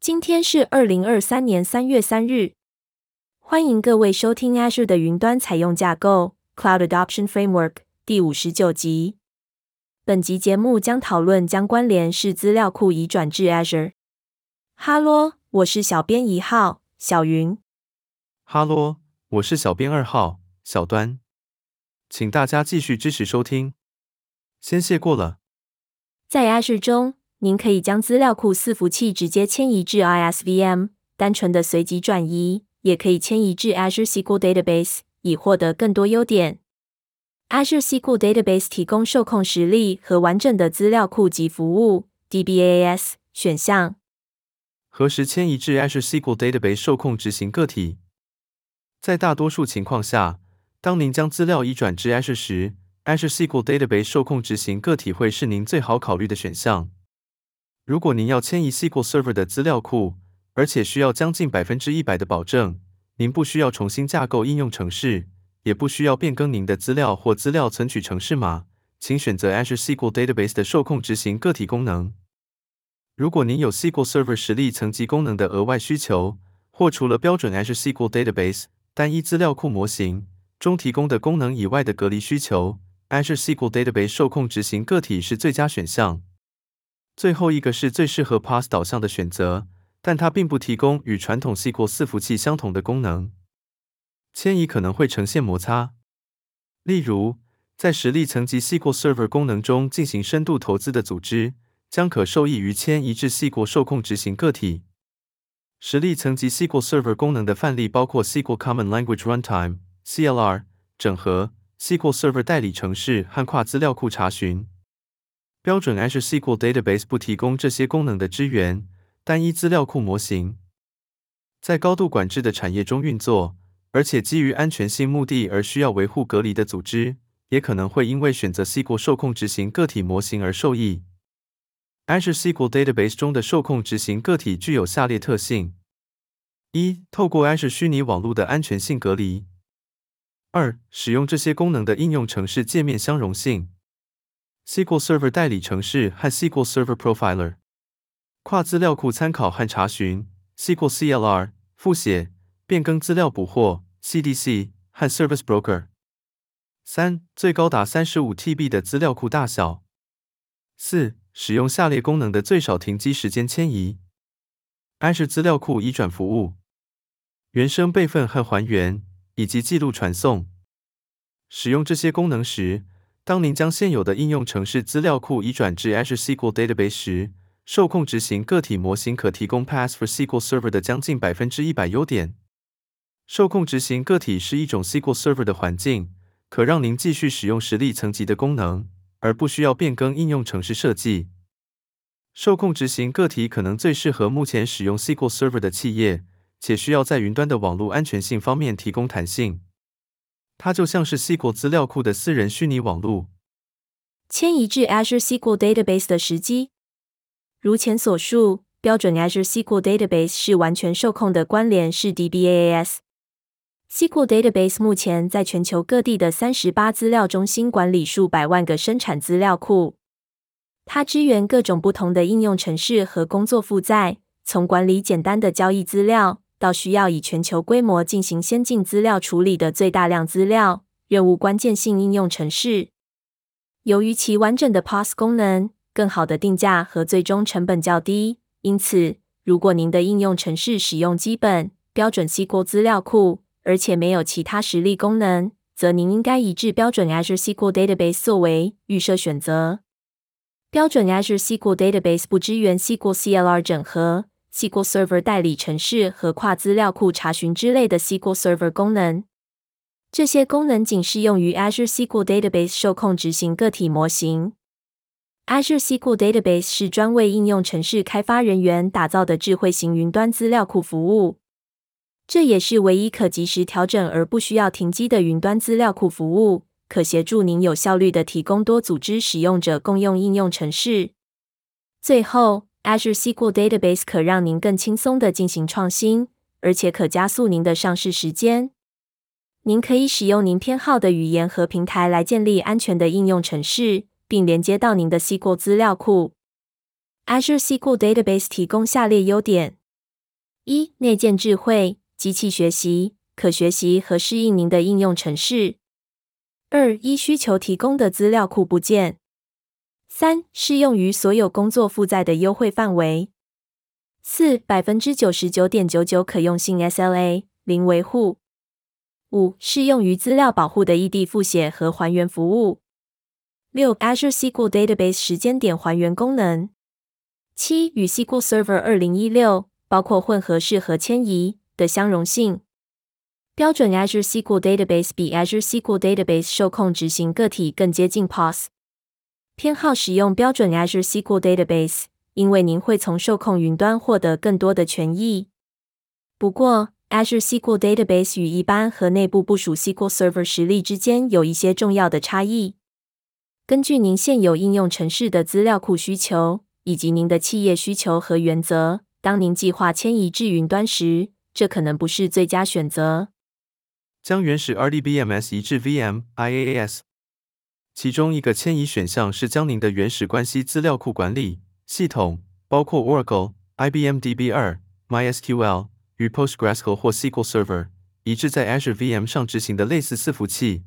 今天是二零二三年三月三日，歡迎各位收聽 Azure 的雲端採用架構 （Cloud Adoption Framework） 第五十九集。本集節目將討論將關聯式資料庫移轉至 Azure。哈嘍，我是小編一號，小雲。哈嘍，我是小編二號，小端。請大家繼續支持收聽，先謝過了。在 Azure 中。您可以將資料庫伺服器直接遷移至 Azure VM，單純的隨即轉移，也可以遷移至 Azure SQL Database，以獲得更多優點。Azure SQL Database 提供受控實例和完整的資料庫及服務 DBAS 選項。何時遷移至 Azure SQL Database 受控執行個體？在大多數情況下，當您將資料移轉至 Azure 時，Azure SQL Database 受控執行個體會是您最好考慮的選項。如果您要遷移 SQL Server 的資料庫，而且需要將近百分之一百的保證，您不需要重新架構應用程式，也不需要變更您的資料或資料存取程式碼，請選擇 Azure SQL Database 的受控執行個體功能。如果您有 SQL Server 實例層級功能的額外需求，或除了標準 Azure SQL Database 單一資料庫模型中提供的功能以外的隔離需求，Azure SQL Database 受控執行個體是最佳選項。最後一個是最適合 PaaS 導向的選擇，但它並不提供與傳統 SQL 伺服器相同的功能。遷移可能會呈現摩擦，例如，在實例層級 SQL Server 功能中進行深度投資的組織，將可受益於遷移至 SQL 受控執行個體。實例層級 SQL Server 功能的範例包括 SQL Common Language Runtime（CLR） 整合、SQL Server 代理程式和跨資料庫查詢。標準 Azure SQL Database 不提供這些功能的支援。單一資料庫模型在高度管制的產業中運作，而且基於安全性目的而需要維護隔離的組織，也可能會因為選擇 SQL 受控執行個體模型而受益。Azure SQL Database 中的受控執行個體具有下列特性：一、透過 Azure 虛擬網絡的安全性隔離；二、使用這些功能的應用程式界面相容性。SQL Server 代理程市和 SQL Server Profiler，跨資料庫參考和查詢，SQL CLR 複寫、變更資料捕獲 CDC 和 Service Broker。三、最高達三十五 TB 的資料庫大小。四、使用下列功能的最少停機時間遷移：Azure 資料庫移轉服務、原生備份和還原以及記錄傳送。使用這些功能時。當您將現有的應用程式資料庫移轉至 Azure SQL Database 時，受控執行個體模型可提供 PaaS for SQL Server 的將近百分之一百優點。受控執行個體是一種 SQL Server 的環境，可讓您繼續使用實例層級的功能，而不需要變更應用程式設計。受控執行個體可能最適合目前使用 SQL Server 的企業，且需要在雲端的網絡安全性方面提供彈性。它就像是 SQL 資料庫的私人虛擬網絡。遷移至 Azure SQL Database 的時機，如前所述，標準 Azure SQL Database 是完全受控的關聯式 DBaaS。SQL Database 目前在全球各地的三十八資料中心管理數百萬個生產資料庫。它支援各種不同的應用程式和工作負載，從管理簡單的交易資料。到需要以全球規模進行先進資料處理的最大量資料任務關鍵性應用程式，由於其完整的 PaaS 功能、更好的定價和最終成本較低，因此如果您的應用程式使用基本標準 SQL 資料庫，而且沒有其他實例功能，則您應該移至標準 Azure SQL Database 作為預設選擇。標準 Azure SQL Database 不支援 SQL CLR 整合。SQL Server 代理程式和跨資料庫查詢之類的 SQL Server 功能，這些功能僅適用於 Azure SQL Database 受控執行個體模型。Azure SQL Database 是專為應用程式開發人員打造的智慧型雲端資料庫服務，這也是唯一可及時調整而不需要停機的雲端資料庫服務，可協助您有效率地提供多組織使用者共用應用程式。最後。Azure SQL Database 可讓您更輕鬆地進行創新，而且可加速您的上市時間。您可以使用您偏好的語言和平台來建立安全的應用程式，並連接到您的 SQL 資料庫。Azure SQL Database 提供下列優點：一、內建智慧，機器學習可學習和適應您的應用程式；二、依需求提供的資料庫布建。三適用於所有工作負載的優惠範圍。四百分之九十九點九九可用性 SLA 零維護。五適用於資料保護的異地複寫和還原服務。六 Azure SQL Database 時間點還原功能。七與 SQL Server 二零一六包括混合式和遷移的相容性。標準 Azure SQL Database 比 Azure SQL Database 受控執行個體更接近 PaaS。偏好使用標準 Azure SQL Database，因為您會從受控雲端獲得更多的權益。不過，Azure SQL Database 與一般和內部部署 SQL Server 實例之間有一些重要的差異。根據您現有應用程式的資料庫需求，以及您的企業需求和原則，當您計劃遷移至雲端時，這可能不是最佳選擇。將原始 RDBMS 移至 VM IaaS。其中一個遷移選項是將您的原始關係資料庫管理系統，包括 Oracle、IBM DB2、MySQL 與 PostgreSQL 和或 SQL Server，一致在 Azure VM 上執行的類似伺服器。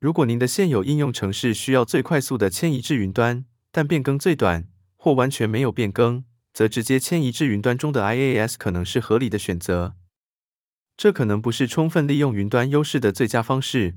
如果您的現有應用程式需要最快速的遷移至雲端，但變更最短或完全沒有變更，則直接遷移至雲端中的 IaaS 可能是合理的選擇。這可能不是充分利用雲端優勢的最佳方式。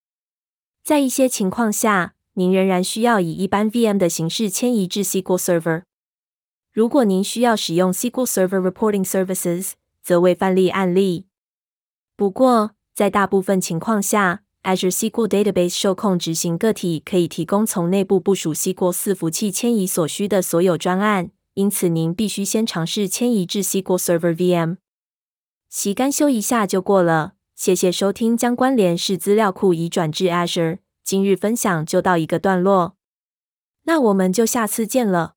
在一些情況下，您仍然需要以一般 VM 的形式遷移至 SQL Server。如果您需要使用 SQL Server Reporting Services，則為範例案例。不過，在大部分情況下，Azure SQL Database 受控執行個體可以提供從內部部署 SQL 伺服器遷移所需的所有專案，因此您必須先嘗試遷移至 SQL Server VM。其干修一下就過了。謝謝收聽，將關聯式資料庫移轉至 Azure。今日分享就到一個段落，那我們就下次見了。